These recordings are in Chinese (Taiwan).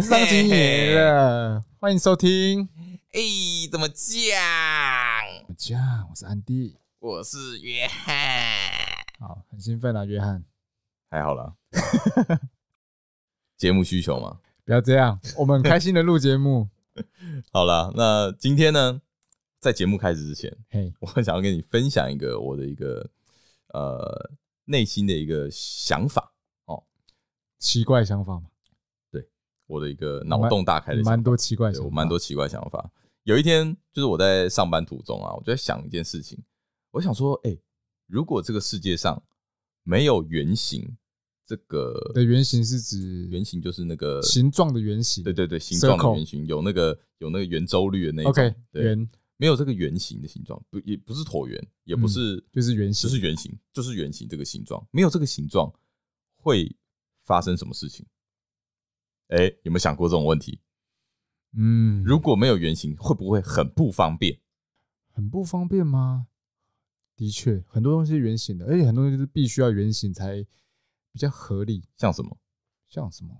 上集、hey, 歡迎收聽。哎、hey，怎麼醬？怎麼醬？我是安迪，我是約翰。好，很興奮啊，約翰。還好啦。節 目需求嘛，不要這樣，我們很開心的錄節目。 好了，那今天呢，在節目開始之前，嘿、hey，我很想要跟你分享一個我的一個呃內心的一個想法哦，奇怪想法嗎？我的一個腦洞大開的，蠻多奇怪的，蠻多奇怪想法。有一天，就是我在上班途中啊，我就在想一件事情。我想說，哎，如果這個世界上沒有圓形這個的圓形是指圓形，就是那個形狀的圓形。對對對，形狀的圓形有那個有那個圓周率的那種。OK，圓沒有這個圓形的形狀，不也不是橢圓，也不是就是圓形，就是圓形，就是圓形這個形狀，沒有這個形狀會發生什麼事情？哎、欸，有沒有想過這種問題？嗯，如果沒有圓形，會不會很不方便？很不方便嗎？的確，很多東西是圓形的，而、欸、且很多東西是必須要圓形才比較合理。像什麼？像什麼？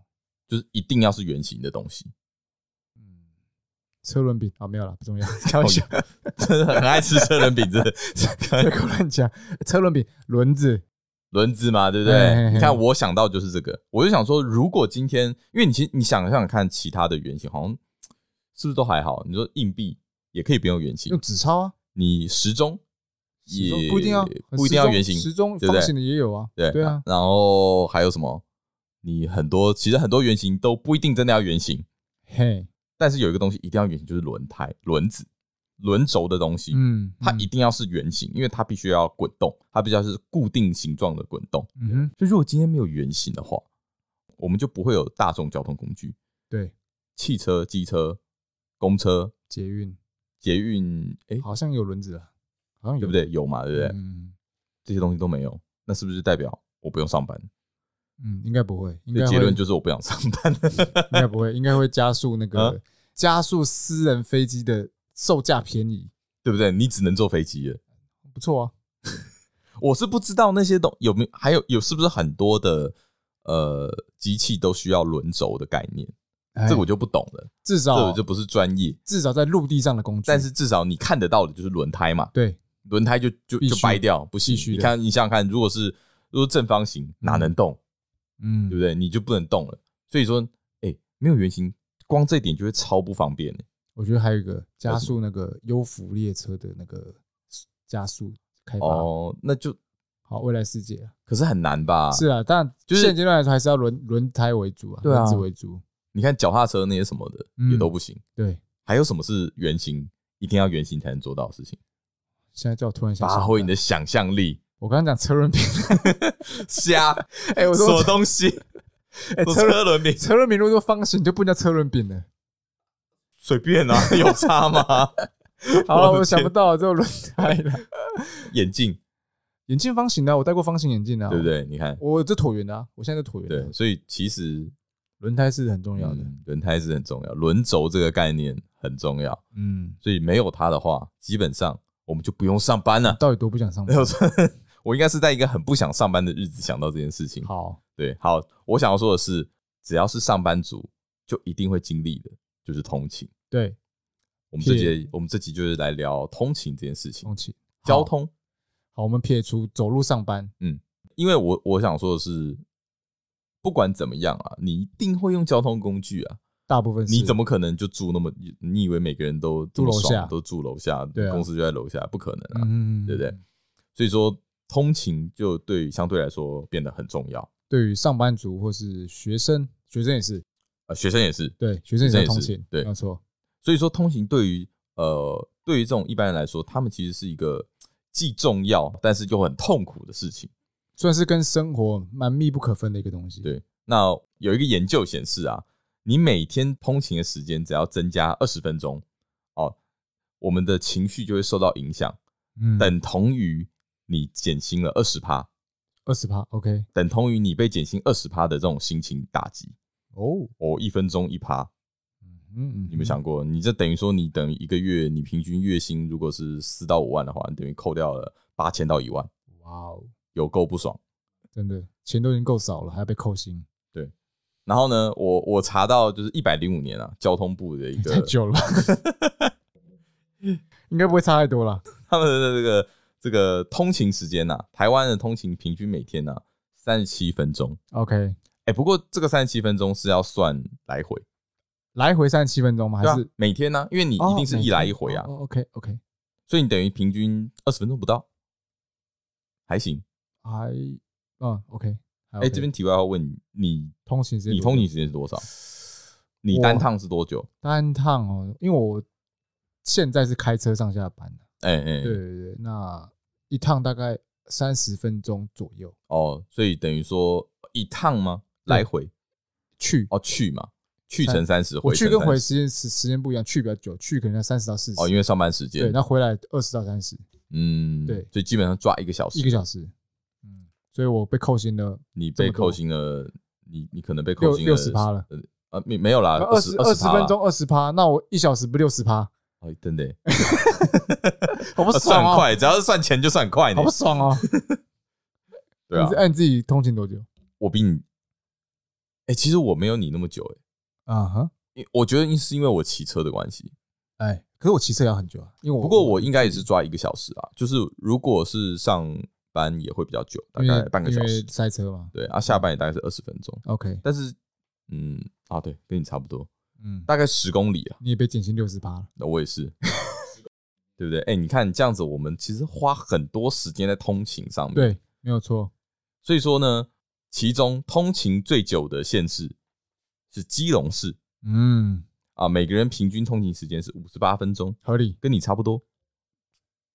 就是一定要是圓形的東西。嗯，車輪餅啊，沒有了，不重要， 真的很愛吃車輪餅，真的。講 車輪餅，輪子。輪子嘛，對不對？對你看，我想到就是這個，我就想說，如果今天，因為你其實你想想看，其他的圓形好像是不是都還好？你說硬幣也可以不用圓形，用紙鈔啊。你時鐘也時不一定要，不一定要圓形，時鐘方形的也有啊。對對啊。然後還有什麼？你很多其實很多圓形都不一定真的要圓形。嘿，但是有一個東西一定要圓形，就是輪胎、輪子。輪軸的東西，嗯，它一定要是圓形，嗯嗯，因為它必須要滾動，它必須要是固定形狀的滾動。嗯哼，所以如果今天沒有圓形的話，我們就不會有大眾交通工具，對，汽車、機車、公車、捷運、捷運，哎、欸，好像有輪子了，好像有對不對？有嘛，對不對？嗯，這些東西都沒有，那是不是代表我不用上班？嗯，應該不會。那結論就是我不想上班應該， 應該不會，應該會加速那個、嗯、加速私人飛機的。售價便宜，對不對？你只能坐飛機了，不錯啊 。我是不知道那些東有沒有，還有有是不是很多的呃機器都需要輪軸的概念，這個我就不懂了。至少這就不是專業，至少在陸地上的工作。但是至少你看得到的就是輪胎嘛？對，輪胎就就就掰掉，不繼續。你看，你想想看，如果是如果是正方形，哪能動？嗯，對不對？你就不能動了。所以說，哎、欸，沒有圓形，光這一點就會超不方便、欸我覺得還有一個加速那個優福列車的那個加速開發哦，那就好未來世界，可是很難吧？是啊，但就是是現階段來說還是要輪輪胎為主啊，輪子、啊、為主。你看腳踏車那些什麼的、嗯、也都不行。對，還有什麼是圓形？一定要圓形才能做到的事情。現在叫我突然想發揮你的想象力。我剛剛講車輪餅 是啊，哎，我說我什麼東西？哎、欸，車輪輪餅，車輪餅如果方形就不叫車輪餅了。隨便啊，有差嗎？ 好，我，我想不到這個輪胎了。 眼鏡，眼鏡方形的、啊，我戴過方形眼鏡的，對不對？你看，我這橢圓的、啊，我現在橢圓。對，所以其實輪胎是很重要的、嗯，輪胎是很重要，輪軸這個概念很重要。嗯，所以沒有它的話，基本上我們就不用上班了、啊。到底多不想上班、啊。沒有錯。我應該是在一個很不想上班的日子想到這件事情。好，對，好，我想要說的是，只要是上班族，就一定會經歷的。就是通勤，對。我們這節我們這集就是來聊通勤這件事情。通勤，交通。好，我們撇除走路上班，嗯，因為我我想說的是，不管怎麼樣啊，你一定會用交通工具啊，大部分。你怎麼可能就住那麼？你以為每個人都住樓下，都住樓下，對啊，公司就在樓下，不可能啊，嗯，對不對？所以說，通勤就對相對來說變得很重要。對於上班族或是學生，學生也是。學生也是對，對學，學生也是，對，沒錯。所以說通，通勤對於呃，對於這種一般人來說，他們其實是一個既重要但是又很痛苦的事情，算是跟生活蠻密不可分的一個東西。對，那有一個研究顯示啊，你每天通勤的時間只要增加二十分鐘哦，我們的情緒就會受到影響，嗯 okay，等同於你減薪了二十趴，二十趴，OK，等同於你被減薪二十趴的這種心情打擊。哦哦，一分鐘一趴，嗯嗯，你有沒有想過？你這等於說，你等於一個月，你平均月薪如果是四到五萬的話，你等於扣掉了八千到一萬。哇哦，有夠不爽！真的，錢都已經夠少了，還要被扣薪。對，然後呢，我我查到就是一百零五年啊，交通部的一個、欸、太久了， 應該不會差太多了。他們的這個這個通勤時間呢、啊，台灣的通勤平均每天呢三十七分鐘。OK。欸、不過這個三十七分鐘是要算來回，來回三十七分鐘嗎？還是、啊、每天呢、啊？因為你一定是一來一回啊、哦。OK，OK，所以你等於平均二十分鐘不到，還行還，哦、okay, 還嗯 OK。哎，這邊題外要問你，你通勤時你通勤時間是多少？你單趟是多久？單趟哦、喔，因為我現在是開車上下班的、啊。哎哎，對對對，那一趟大概三十分鐘左右。哦，所以等於說一趟嗎？來回，去，去哦，去嘛，去成三十，回去跟回時間時時間不一樣，去比較久，去可能要三十到四十，哦，因為上班時間，對，那回來二十到三十，嗯，對，所以基本上抓一個小時，一個小時，嗯，所以我被扣薪了，你被扣薪了，你你可能被扣薪了。六十趴了，呃、啊，沒沒有啦，二十二十分鐘二十趴，那我一小時不六十趴，真、哦、的，我 不爽、啊、算快，只要是算錢就算快，好不爽哦、啊、 對啊，你是按自己通勤多久，我比你。哎、欸，其實我沒有你那麼久哎，啊哈，因我覺得因是因為我騎車的關係，哎，可是我騎車要很久啊，因為我不過我應該也是抓一個小時啊，就是如果是上班也會比較久，大概半個小時塞車嘛，對啊，下班也大概是二十分鐘，OK，但是嗯啊，對，跟你差不多，嗯，大概十公里啊，你也被減薪六十八了，那我也是，對不對？哎，你看這樣子，我們其實花很多時間在通勤上面，對，沒有錯，所以說呢。其中通勤最久的縣市是基隆市，嗯，啊，每個人平均通勤時間是五十八分鐘，合理，跟你差不多，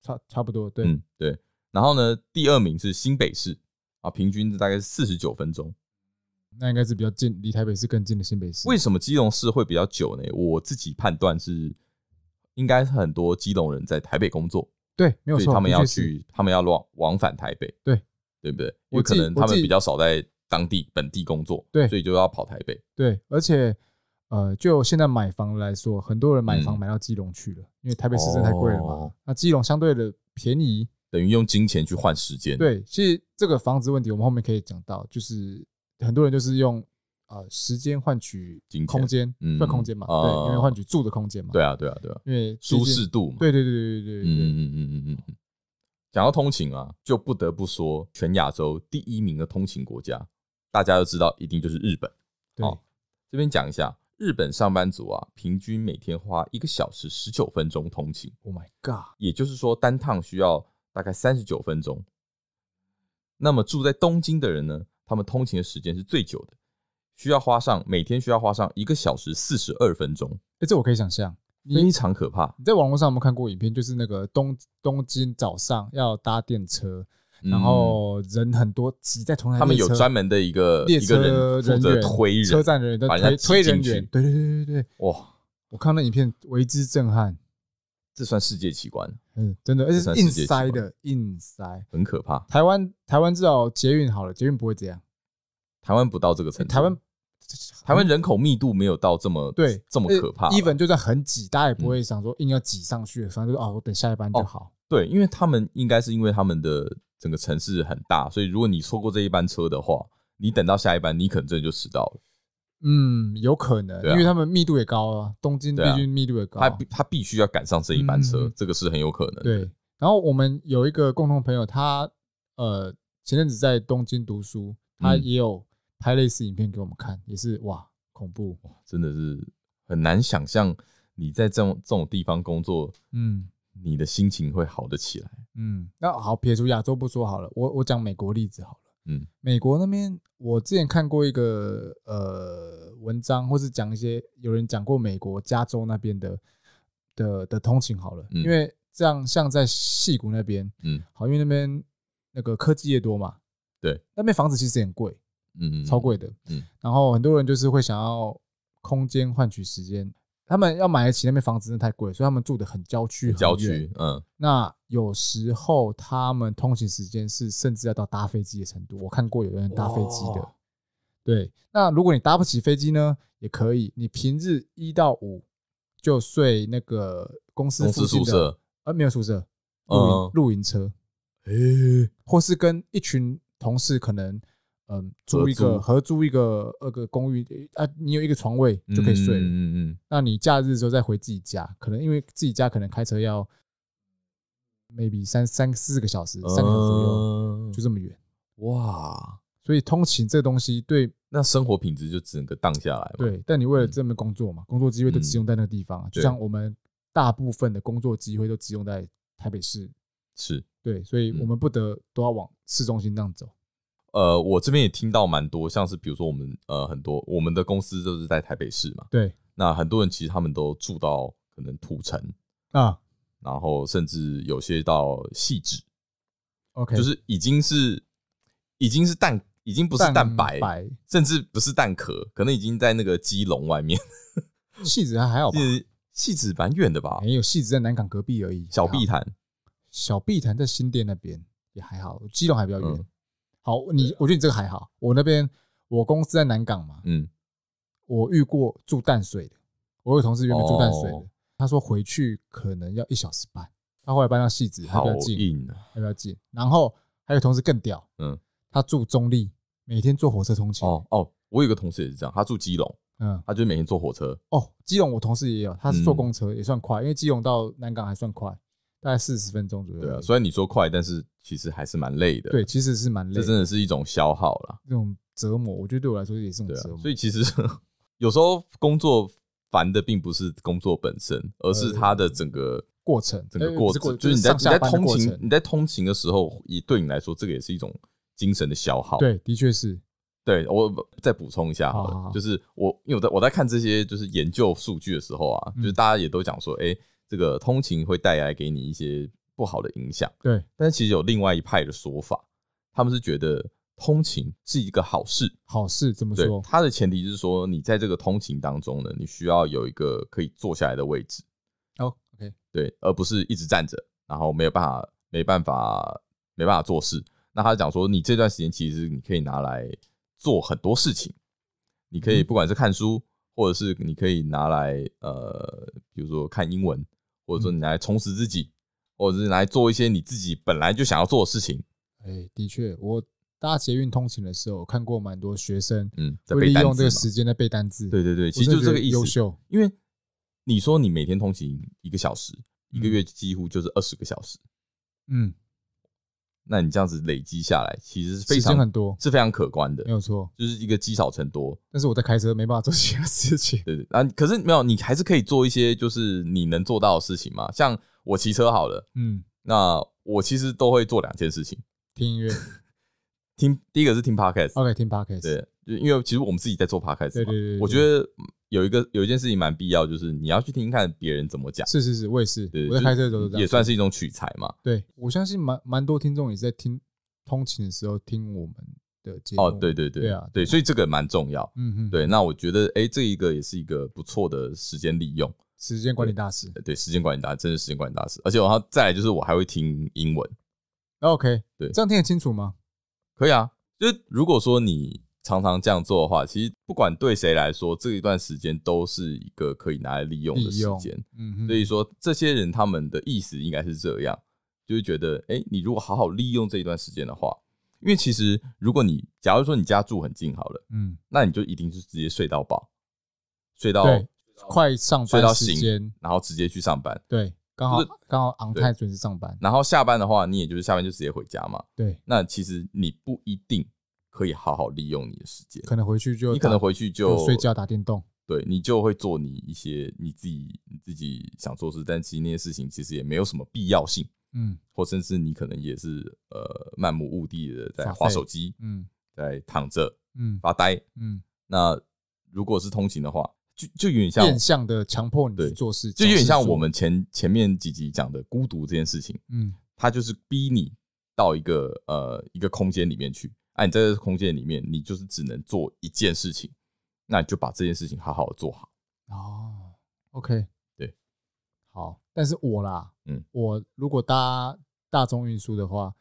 差差不多，對，嗯，對。然後呢，第二名是新北市，啊，平均大概是四十九分鐘，那應該是比較近，離台北市更近的新北市。為什麼基隆市會比較久呢？我自己判斷是，應該是很多基隆人在台北工作，對，沒有錯，所以他們要去，他們要往往返台北，對。對不對？因為可能他們比較少在當地本地工作，對，所以就要跑台北。對，而且，呃，就現在買房來說，很多人買房買到基隆去了，嗯、因為台北市真太貴了嘛、哦。那基隆相對的便宜，等於用金錢去換時間。對，其實這個房子問題，我們後面可以講到，就是很多人就是用呃時間換取空間，換、嗯、空間嘛、嗯，對，因為換取住的空間嘛。對啊，對啊，對啊，因為舒適度嘛。對對對，對對對對對對，嗯嗯嗯嗯嗯嗯。想要通勤啊，就不得不說全亞洲第一名的通勤國家，大家都知道一定就是日本。對，哦、這邊講一下，日本上班族啊，平均每天花一個小時十九分鐘通勤。Oh my god！也就是說，單趟需要大概三十九分鐘。那麼住在東京的人呢，他們通勤的時間是最久的，需要花上每天需要花上一個小時四十二分鐘。誒、欸，這我可以想象。非常可怕！你在網絡上有沒有看過影片？就是那個東東京早上要搭電車，嗯、然後人很多擠在同一。他們有專門的一個列車人員人推人人員車站的人，反正推人員推。對對對對對，哇、哦！我看那影片，為之震撼。這算世界奇觀？嗯，真的，而且是硬塞的，硬塞，硬塞，很可怕。台灣台灣至少捷運好了，捷運不會這樣。台灣不到這個程度。台灣。台灣人口密度沒有到這麼，對，這麼可怕，呃、even 就算很擠，大家也不會想說硬要擠上去。嗯、反正就哦，我等下一班就好。哦、對，因為他們應該是因為他們的整個城市很大，所以如果你錯過這一班車的話，你等到下一班，你可能真的就遲到了。嗯，有可能、啊，因為他們密度也高啊。東京的密度也高，啊、他他必須要趕上這一班車，嗯，這個是很有可能。對。然後我們有一個共同朋友，他呃前陣子在東京讀書，他也有、嗯。拍類似影片給我們看，也是哇，恐怖，真的是很難想象，你在這種這種地方工作，嗯，你的心情會好得起來，嗯，那好，撇除亞洲不說好了，我我講美國例子好了，嗯，美國那邊我之前看過一個呃文章，或是講一些有人講過美國加州那邊的的的通勤好了、嗯，因為這樣像在硅谷那邊，嗯，好，因為那邊那個科技業多嘛，對，那邊房子其實也很貴。嗯嗯，超貴的。嗯，然後很多人就是會想要空間換取時間，他們要買得起那邊房子，真的太貴，所以他們住得很郊區。郊區，嗯。那有時候他們通勤時間是甚至要到搭飛機的程度，我看過有人搭飛機的。對，那如果你搭不起飛機呢，也可以，你平日一到五就睡那個公司公司宿舍，呃，沒有宿舍，露營露營車，哎，或是跟一群同事可能。嗯，租一個合租一個二個公寓，啊，你有一個床位就可以睡了。嗯嗯，嗯，那你假日的時候再回自己家，可能因為自己家可能開車要，maybe 三三四個小時，嗯、三個小時左右，就這麼遠。哇！所以通勤這個東西對那生活品質就整個蕩下來嘛。對，但你為了這麼工作嘛，工作機會都集中在那個地方，啊嗯，就像我們大部分的工作機會都集中在台北市，嗯。是。對，所以我們不得都要往市中心這樣走。呃，我這邊也聽到蠻多，像是比如說我們呃很多我們的公司就是在台北市嘛，對。那很多人其實他們都住到可能土城啊，然後甚至有些到汐止，OK，就是已經是已經是蛋已經不是蛋白，蛋白甚至不是蛋殼，可能已經在那個基隆外面。汐 止還，還好，吧？汐止蠻遠的吧？沒、欸、有汐止在南港隔壁而已，小碧潭，小碧潭在新店那邊也還好，基隆還比較遠。嗯好，你我覺得你這個還好。我那邊我公司在南港嘛，嗯，我遇過住淡水的，我有同事原本住淡水的，哦、他說回去可能要一小時半。他後來搬到汐止，好近啊，還比較近。然後還有同事更屌，嗯，他住中壢，每天坐火車通勤。哦哦，我有個同事也是這樣，他住基隆，嗯，他就每天坐火車、嗯。哦，基隆我同事也有，他是坐公車、嗯、也算快，因為基隆到南港還算快。大概四十分鐘左右。對啊，雖然你說快，但是其實還是蠻累的。對，其實是蠻累的。這真的是一種消耗啦，這種折磨，我覺得對我來說也是一種折磨、啊。所以其實有時候工作煩的並不是工作本身，而是它的整個、呃、過程，整個過,、呃呃過,就是、過程。就是你在你在通勤，你在通勤的時候，也對你來說，這個也是一種精神的消耗。對，的確是。對，我再補充一下好了，好好好，就是我因為我在,我在看這些就是研究數據的時候啊、嗯，就是大家也都講說，哎、欸。這個通勤會帶來給你一些不好的影響，對。但是其實有另外一派的說法，他們是覺得通勤是一個好事。好事怎麼說？對，他它的前提就是說你在這個通勤當中呢，你需要有一個可以坐下來的位置。哦、oh，OK，對，而不是一直站着，然後沒有辦法、沒辦法、沒辦法做事。那他講說，你這段時間其實你可以拿來做很多事情，你可以不管是看書。嗯或者是你可以拿來呃，比如說看英文，或者說你來充實自己，或者是來做一些你自己本來就想要做的事情。哎、欸，的確，我搭捷運通勤的時候，我看過蠻多學生，嗯，在背單字嘛，會利用這個時間在背單字。對對對，其實就是這個意思。優秀。因為你說你每天通勤一個小時，嗯、一個月幾乎就是二十個小時，嗯。那你這樣子累積下來，其實是非常很多，是非常可觀的。沒有錯，就是一個積少成多。但是我在開車沒辦法做其他事情。對對，對啊，可是沒有你還是可以做一些就是你能做到的事情嘛？像我騎車好了，嗯，那我其實都會做兩件事情：聽音樂， 聽第一個是聽 Podcast，OK，okay，聽 Podcast。對，就因為其實我們自己在做 Podcast 嘛。對對對，對，對，我覺得。有一個有一件事情蠻必要，就是你要去聽聽看別人怎麼講。是是是，我也是，我在開車都是這樣。也算是一種取材嘛。對，我相信蠻蠻多聽眾也是在聽通勤的時候聽我們的節目。哦，對對對，對啊，對啊，對對，對，所以這個蠻重要。嗯嗯，對，那我覺得欸，這一個也是一個不錯的時間利用，時間管理大師。對，時間管理大師，真是時間管理大師。而且我然後再來就是我還會聽英文。OK，對，這樣聽得清楚嗎？可以啊，就是如果說你。常常這樣做的話，其實不管對誰來說，這一段時間都是一個可以拿來利用的時間。嗯哼，所以說這些人他們的意思應該是這樣，就是覺得，哎、欸，你如果好好利用這一段時間的話，因為其實如果你假如說你家住很近好了，嗯，那你就一定是直接睡到飽，睡到快上班時間，然後直接去上班。對，剛好、就是、剛好 on time 準時上班。然後下班的話，你也就是下班就直接回家嘛。對，那其實你不一定。可以好好利用你的時間，可能回去就你可能回去就，就睡覺打電動，對你就會做你一些你自己你自己想做事，但其實那些事情其實也沒有什麼必要性，嗯，或甚至你可能也是呃漫無目的的在滑手機，嗯，在躺着，嗯，發呆，嗯，那如果是通勤的話，就就有點像變相的強迫你去做事，就有點像我們前前面幾集講的孤獨這件事情，嗯，他就是逼你到一個呃一個空間裡面去。哎、啊，你在這個空間裡面，你就是只能做一件事情，那你就把這件事情好好的做好。哦、oh，OK，對，好。但是我啦，嗯，我如果搭大眾運輸的話，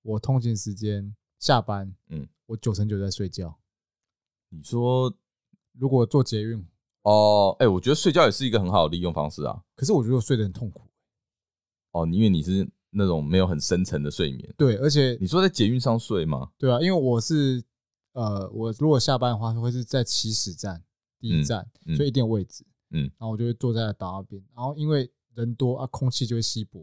我通勤時間下班，嗯，我九成九在睡覺。你說如果坐捷運哦，哎、呃欸，我覺得睡覺也是一個很好的利用方式啊。可是我覺得我睡得很痛苦。哦，因為你是。那種沒有很深層的睡眠，對，而且你說在捷運上睡嗎？對啊，因為我是，呃，我如果下班的話，會是在起始站第一站，嗯，所以一定有位置，嗯，然後我就會坐在打那邊，然後因為人多啊，空氣就會稀薄，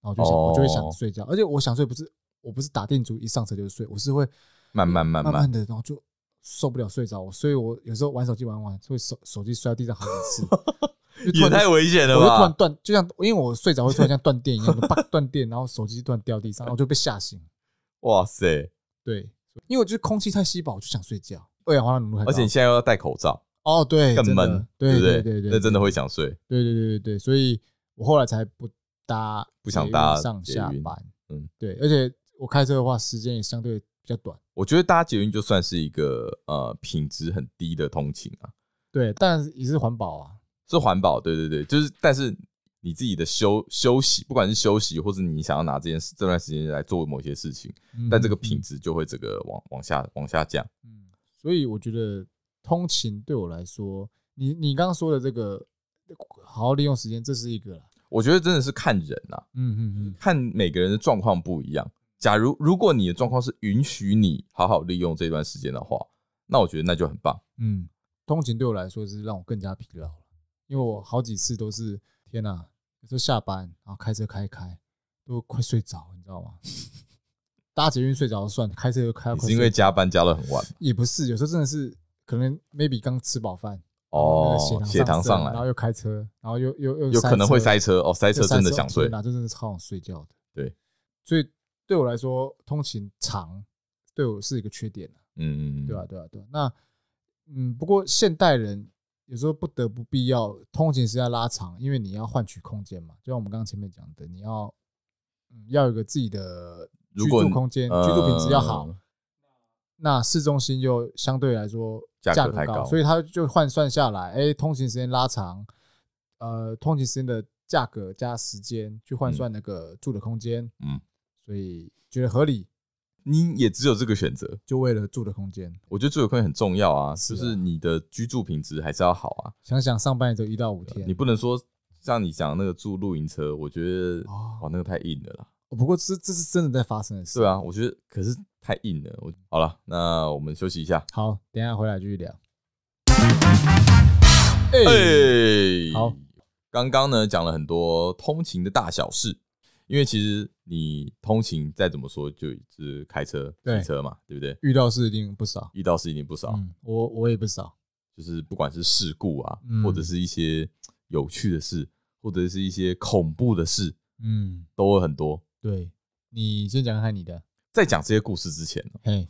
然後就想，哦、我就會想睡覺，而且我想睡不是，我不是打電竹一上車就睡，我是會慢慢慢慢，嗯、慢慢的，然後就受不了睡着，所以我有時候玩手機玩玩，會手手機摔到地上好幾次。 也太危險了吧！我就突然斷，就像因為我睡着會突然像斷電一樣的，啪 斷電，然後手機突然掉地上，然後就被嚇醒。哇塞對，對，因為我就是空氣太稀薄，我就想睡覺，二氧化碳。而且你現在又要戴口罩，哦，對，更悶，對不對，對，對，對？對對，那真的會想睡。對對對對對，所以我後來才不搭，不想搭上下班。嗯，對，而且我開車的話時間也相對比較短。我覺得搭捷運就算是一個呃品質很低的通勤啊。對，但也是環保啊。是環保，對對對，就是，但是你自己的休休息，不管是休息，或是你想要拿這件事這段時間來做某些事情，嗯、但這個品質就會這個往往下往下降。嗯，所以我覺得通勤對我來說，你你剛剛說的這個好好利用時間，這是一個啦。我覺得真的是看人啦、啊，嗯嗯嗯，看每個人的狀況不一樣。假如如果你的狀況是允許你好好利用這段時間的話，那我覺得那就很棒。嗯，通勤對我來說是讓我更加疲勞。因為我好幾次都是天哪、啊，有時候，下班然後開車開開，都快睡着，你知道嗎？ 搭捷運睡着就算，開車就開。也是因為加班加的很晚。也不是，有時候真的是可能 maybe 剛吃飽飯，哦，血糖上，上來，然後又開車，然後又又又有可能會塞車哦，塞車真的想睡，真的是超想睡覺的。對，所以對我來說，通勤長對我是一個缺點、啊、嗯嗯、嗯對啊對啊對啊。那嗯，不過現代人。有時候不得不必要，通勤時間拉長，因為你要換取空間嘛。就像我們剛剛前面講的，你要，嗯，要有個自己的居住空間、呃，居住品質要好、呃。那市中心就相對來說價格，價格太高，所以它就換算下來，誒、欸，通勤時間拉長，呃，通勤時間的價格加時間去換算那個住的空間，嗯，所以覺得合理。你也只有這個選擇，就為了住的空間。我覺得住的空間很重要啊，是不、啊、是你的居住品質還是要好啊。啊啊、想想上班也就一到五天，啊、你不能說像你講那個住露營車，我覺得、哦、哇，那個太硬了啦、哦。不過這這是真的在發生的事。對啊，我覺得可是太硬了。我、嗯、好了，那我們休息一下。好，等一下回來繼續聊。哎，好，剛剛呢講了很多通勤的大小事。因為其實你通勤再怎麼說就，就是開車、騎車嘛，對不對？遇到事一定不少，遇到事一定不少。嗯、我我也不少，就是不管是事故啊、嗯，或者是一些有趣的事，或者是一些恐怖的事，嗯，都會很多。對，你先講一下你的。在講這些故事之前，嘿，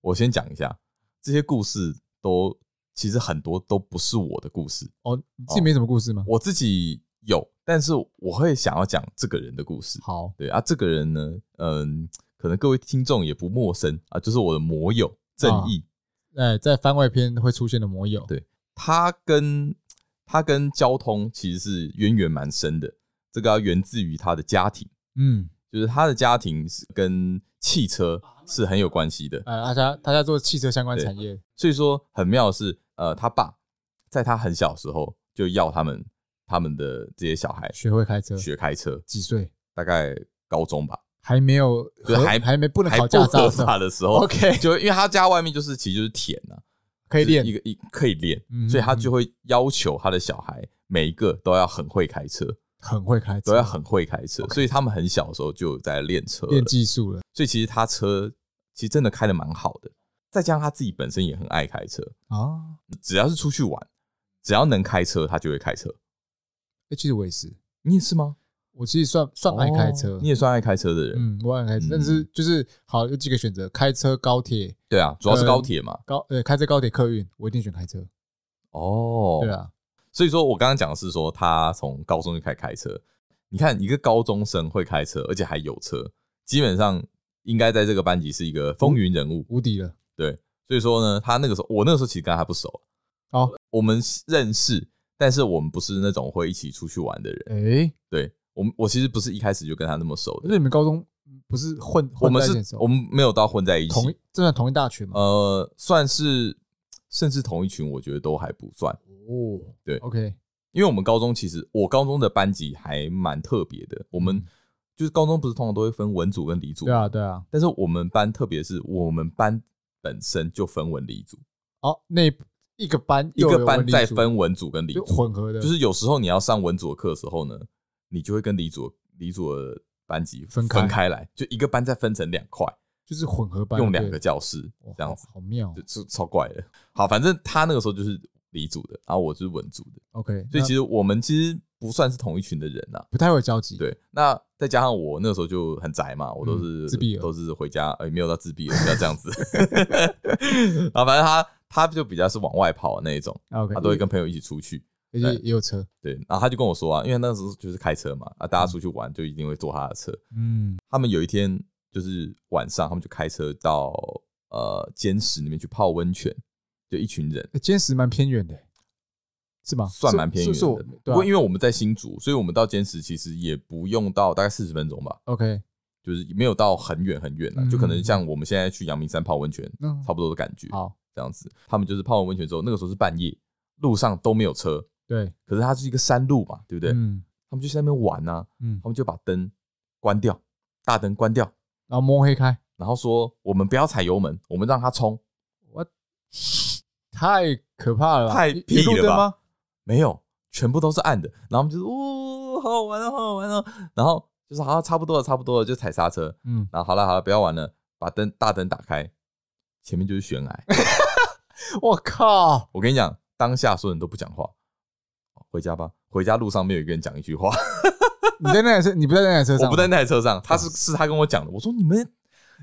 我先講一下，這些故事都其實很多都不是我的故事哦。你自己沒什麼故事嗎？哦、我自己。有，但是我會想要講這個人的故事。好，對啊，這個人呢，嗯、呃，可能各位聽眾也不陌生啊，就是我的摩友正義，哎、啊欸，在番外篇會出現的摩友。對，他跟他跟交通其實是淵源蠻深的，這個要源自於他的家庭，嗯，就是他的家庭是跟汽車是很有關係的，呃、啊，他家他家做汽車相關產業，所以說很妙的是，呃，他爸在他很小時候就要他們。他們的這些小孩學會開車，學開車，學開車幾歲？大概高中吧，還沒有，就是、還還沒不能考駕照的時候。OK，就因為他家外面就是，其實就是田啊，可以練、就是、一個一可以練，嗯嗯，所以他就會要求他的小孩每一個都要很會開車，很會開車都要很會開車，okay, 所以他們很小的時候就在練車，練技術了。所以其實他車其實真的開得蠻好的，再加上他自己本身也很愛開車啊，只要是出去玩，只要能開車，他就會開車。哎，其實我也是，你也是嗎？我其實算算愛開車。哦，你也算愛開車的人。嗯，我也愛開車，但是就是好有幾個選擇，開車、高鐵。對啊，主要是高鐵嘛。嗯，高，呃、欸，開車、高鐵、客運，我一定選開車。哦，對啊。所以說我剛剛講的是說，他從高中就開始開車。你看，一個高中生會開車，而且還有車，基本上應該在這個班級是一個風雲人物，無敵了。對，所以說呢，他那個時候，我那個時候其實跟他還不熟。好，我們認識。但是我們不是那種會一起出去玩的人。哎，對，我們我其實不是一開始就跟他那麼熟的。那你們高中不是混？我們是我們沒有到混在一起，同這算同一大群嗎？呃，算是，甚至同一群，我覺得都還不算哦。對，OK，因為我們高中其實我高中的班級還蠻特別的。我們就是高中不是通常都會分文組跟理組？對啊，對啊。但是我們班特別是我們班本身就分文理組。好，那。一個班，一個班再分文組跟理組混合的，就是有時候你要上文組的課的，的時候呢，你就會跟理組、理組的班級分開來，就一個班再分成兩塊，就是混合班，用兩個教室這樣子，好妙，超怪的。好，反正他那個時候就是理組的，然後我就是文組的，OK，所以其實我們其實不算是同一群的人吶、啊，不太會交集。對，那再加上我那個時候就很宅嘛，我都是、嗯、自閉，都是回家，呃、欸，沒有到自閉，不要這樣子。 然後反正他。他就比較是往外跑的那一種，他都會跟朋友一起出去，也也有車。對，然後他就跟我說啊，因為那時候就是開車嘛，啊，大家出去玩就一定會坐他的車。嗯，他們有一天就是晚上，他們就開車到呃，尖石裡面去泡溫泉，就一群人很遠很遠、嗯。尖石蠻偏遠的。欸，是嗎？算蠻偏遠的是。是是是是我對啊、不過因為我們在新竹，所以我們到尖石其實也不用到大概四十分鐘吧、嗯。OK，就是沒有到很遠很遠了，就可能像我們現在去陽明山泡溫泉差不多的感覺。嗯。嗯嗯嗯這樣子，他們就是泡完溫泉之後，那個時候是半夜，路上都沒有車。對。可是它是一個山路嘛，對不對？嗯。他們就在那邊玩呢、啊。嗯。他們就把燈關掉，大燈關掉，然後摸黑開，然後說我們不要踩油門，我們讓它衝。我，太可怕了！太霹靂了嗎？沒有，全部都是暗的。然後我們就是，嗚、哦，好好玩哦，好好玩哦。然後就是，好像差不多了，差不多了，就踩剎車。嗯。然後好了，好了，不要玩了，把燈，大燈打開。前面就是懸崖， 我靠！我跟你講，當下所有人都不講話，回家吧。回家路上沒有一個人講一句話。你在那台車？你不在那台車上？我不在那台車上。他是是他跟我講的。我說你們，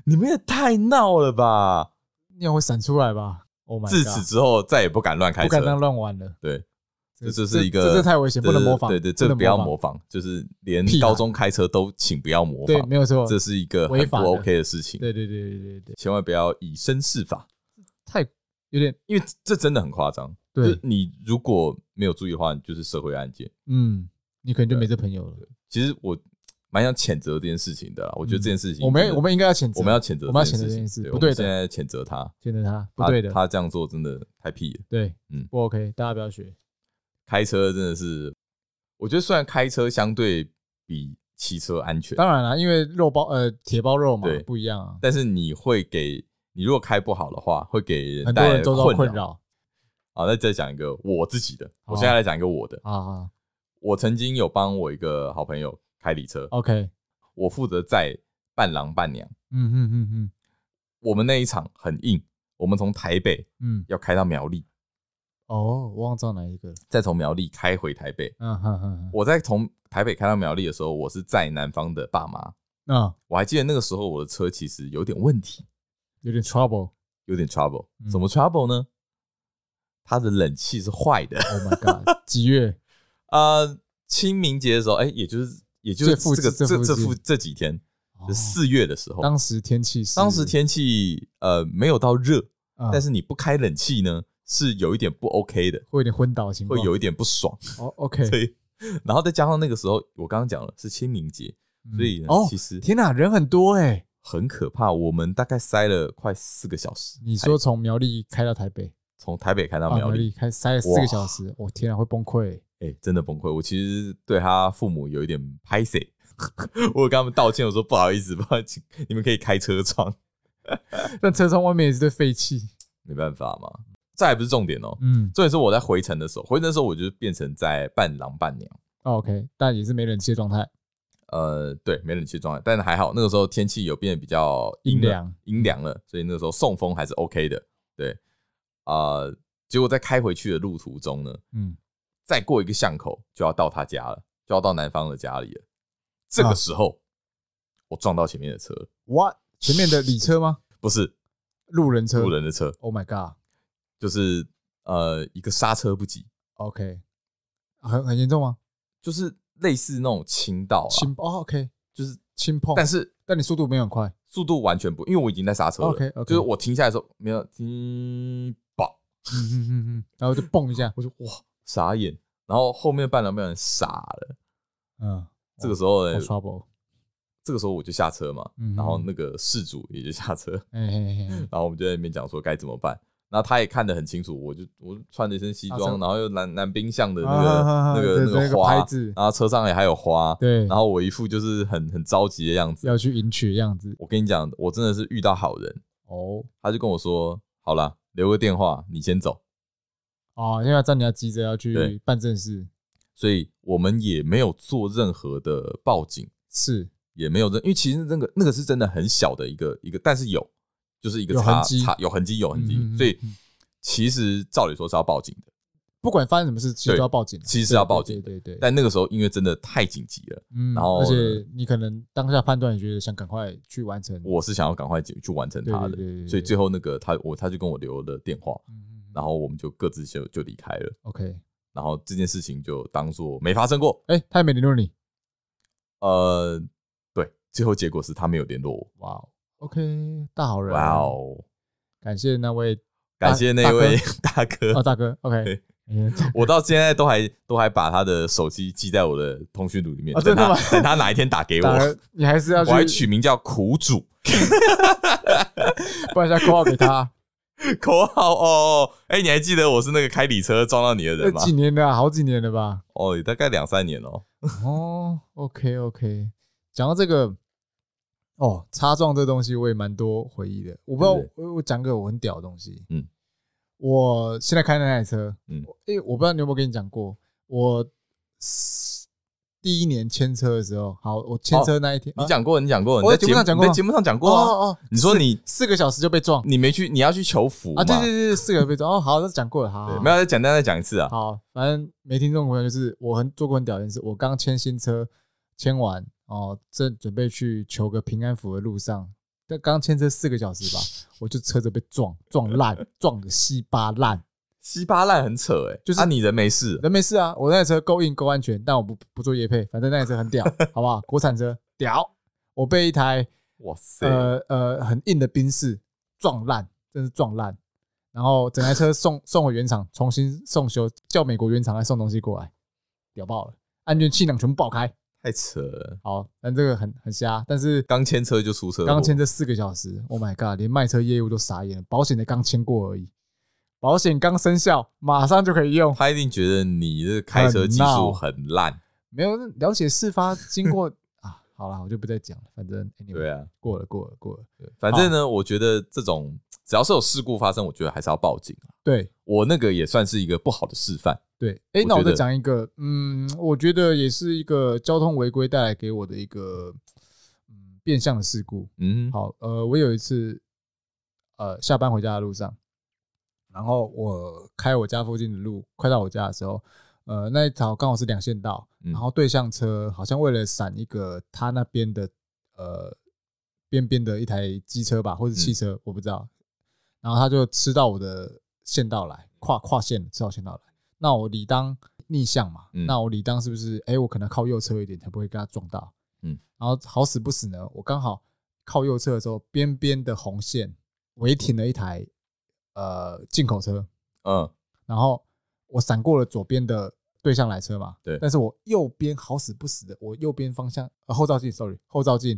你們也太鬧了吧！你會閃出來吧？Oh my God，自此之後再也不敢亂開車了，不敢亂玩了。對。這是一個這是，這是太危險，不能模仿。對對，對，這個不要模仿，模仿，就是連高中開車都請不要模仿。對，沒有錯，這是一個很不 OK 的事情。對對對對，對，對，千萬不要以身試法，太有點，因為這真的很誇張。對，就是、你如果沒有注意的話，你就是社會案件。嗯，你可能就沒這朋友了。其實我蠻想譴責這件事情的啦，我覺得這件事情、嗯我，我們我們應該要譴，我們要譴責，我們要譴責，責這件事，不對的。對，現在譴責他，譴責他不對的他，他這樣做真的太屁了。對，嗯，不 OK，大家不要學。開車真的是，我覺得雖然開車相對比騎車安全，當然了、啊，因為肉包呃鐵包肉嘛，不一樣啊。但是你會給你如果開不好的話，會給大家的很多人受到困擾。好，那再講一個我自己的，哦、我現在來講一個我的啊、哦。我曾經有幫我一個好朋友開禮車，OK，我負責載伴郎伴娘。嗯嗯嗯嗯，我們那一場很硬，我們從台北嗯要開到苗栗。嗯嗯哦，我忘掉哪一個？再從苗栗開回台北。我在從台北開到苗栗的時候，我是在南方的爸媽。我還記得那個時候我的車其實有點問題，有點 trouble，有點 trouble。嗯、什麼 trouble 呢？它的冷氣是壞的。Oh my god！幾月？ 呃，清明節的時候，哎、欸，也就是，也就是這個這這這這這幾天，就是四月的時候。當時天氣，當時天氣呃沒有到熱、啊，但是你不開冷氣呢？是有一點不 OK 的，會有點昏倒，會有一點不爽、oh。哦，OK。所以，然後再加上那個時候，我剛剛講了是清明節，所以、嗯、哦，其實天哪、啊，人很多哎、欸，很可怕。我們大概塞了快四個小時。你說從苗栗開到台北，從台北開到苗栗，啊、苗栗開塞了四個小時，我天哪、啊，會崩潰、欸。哎、欸，真的崩潰。我其實對他父母有一點抱歉， 我有跟他們道歉，我說不好意思， 不好意思，你們可以開車窗， 但車窗外面也是對廢氣，沒辦法嘛。再也不是重點哦、喔，嗯，重點是我在回程的時候，回程的時候我就是變成在伴郎伴娘，OK，但也是沒冷氣的狀態，呃，對，沒冷氣狀態，但是還好那個時候天氣有變得比較陰涼陰涼了，所以那個時候送風還是 OK 的。對，啊、呃，結果在開回去的路途中呢，嗯，再過一個巷口就要到他家了，就要到男方的家裡了。這個時候、啊、我撞到前面的車，What？前面的禮車嗎？ 不是，路人車，路人的車。Oh my god！就是呃，一個剎車不及，OK，很很嚴重嗎？就是類似那種親到，啊，親哦，OK，就是輕碰，但是但你速度沒有很快，速度完全不，因為我已經在剎車了 okay,，OK，就是我停下來的時候沒有，停，爆 然後就蹦一下，我就哇，傻眼，然後後面半兩半人傻了，嗯，這個時候呢，這個時候我就下車嘛，嗯，然後那個事主也就下車，嗯、 然後我們就在那邊講說該怎麼辦。然後他也看得很清楚，我就我穿着一身西裝、啊，然後又男男儐相的那個、啊、那個那個花、那個，然後車上也還有花，對，然後我一副就是很很着急的樣子，要去迎娶的樣子。我跟你講，我真的是遇到好人哦，他就跟我說，好了，留個電話，你先走。哦、啊，因為他知道你要急着要去辦正事，所以我們也沒有做任何的報警，是也沒有任，因為其實那個那個是真的很小的一個一個，但是有。就是一個有痕有痕跡，有痕跡、嗯，所以、嗯、哼哼其實照理說是要報警的。不管發生什麼事，其實都要報警的。其實是要報警，對對對。但那個時候因為真的太緊急了，嗯、然後而且你可能當下判斷也覺得想趕快去完成。我是想要趕快去完成他的對對對對，所以最後那個他我他就跟我留了電話、嗯哼哼，然後我們就各自就就離開了。OK，然後這件事情就當做沒發生過。哎、欸，他也沒聯絡你。呃，對，最後結果是他沒有聯絡我。哇、wow。OK，大好人。哇哦，感謝那位，感謝那位大，那位大哥 哦，大哥。OK， 我到現在都還都還把他的手機記在我的通訊錄裡面，啊、等他等他哪一天打給我。你還是要去，我還取名叫苦主， 不然再括號給他，括號哦。哎、欸，你還記得我是那個開禮車撞到你的人嗎？幾年了，好幾年了吧？哦，大概兩三年了哦。哦，OK OK，講到這個。哦，擦撞這東西我也蠻多回憶的。我不知道，對對對對，我我講個我很屌的東西。嗯，我現在開的那台車，嗯，我，哎、欸，我不知道你有沒有跟你講過，我第一年牽車的時候，好，我牽車那一天，你講過，你講過、你講過、啊，你在節目、哦、目上講過，在節目上講過、啊。哦、哦哦，你說你四,四個小時就被撞，你沒去，你要去求符啊？對、對對對，四個被撞。哦，好，那講過了哈，沒有簡單再簡再再講一次啊。好，反正沒聽眾朋友就是，我很做過很屌一件事，我剛牽新車，牽完。哦，正準備去求個平安符的路上，剛剛牽車四個小時吧，我就車子被撞，撞爛，撞的稀巴爛，稀巴爛很扯哎。啊，你人沒事？人沒事啊，我那台車夠硬夠安全，但我不不做業配，反正那台車很屌，好不好？國產車屌。我被一台哇塞，呃呃很硬的賓士撞爛，真是撞爛，然後整台車送送回原廠，重新送修，叫美國原廠來送東西過來，屌爆了，安全氣囊全部爆開。太扯了，好，但這個很很瞎，但是剛牽車就出車禍，剛牽這四個小時，Oh my God，連賣車業務都傻眼了。保險的剛簽過而已，保險剛生效，馬上就可以用，他一定覺得你的開車技術很爛，沒有了解事發經過 啊，好了，我就不再講了，反正過了對啊，過了過了過了對，反正呢、啊，我覺得這種只要是有事故發生，我覺得還是要報警啊，對我那個也算是一個不好的示範。對，哎、欸，那我再講一個，嗯，我覺得也是一個交通違規帶來給我的一個，嗯，變相的事故。嗯，好，呃，我有一次，呃，下班回家的路上，然後我開我家附近的路，快到我家的時候，呃，那一條剛好是兩線道，然後對向車好像為了閃一個他那邊的，呃，邊邊的一台機車吧，或者汽車、嗯，我不知道，然後他就吃到我的線道來，跨跨線吃到線道來。那我理當逆向嘛、嗯？那我理當是不是？哎，我可能靠右側一點才不會跟他撞到。嗯，然後好死不死呢，我剛好靠右側的時候，邊邊的紅線違停了一台呃進口車。嗯，然後我閃過了左邊的對向來車嘛。對，但是我右邊好死不死的，我右邊方向、呃、後照鏡，sorry，後照鏡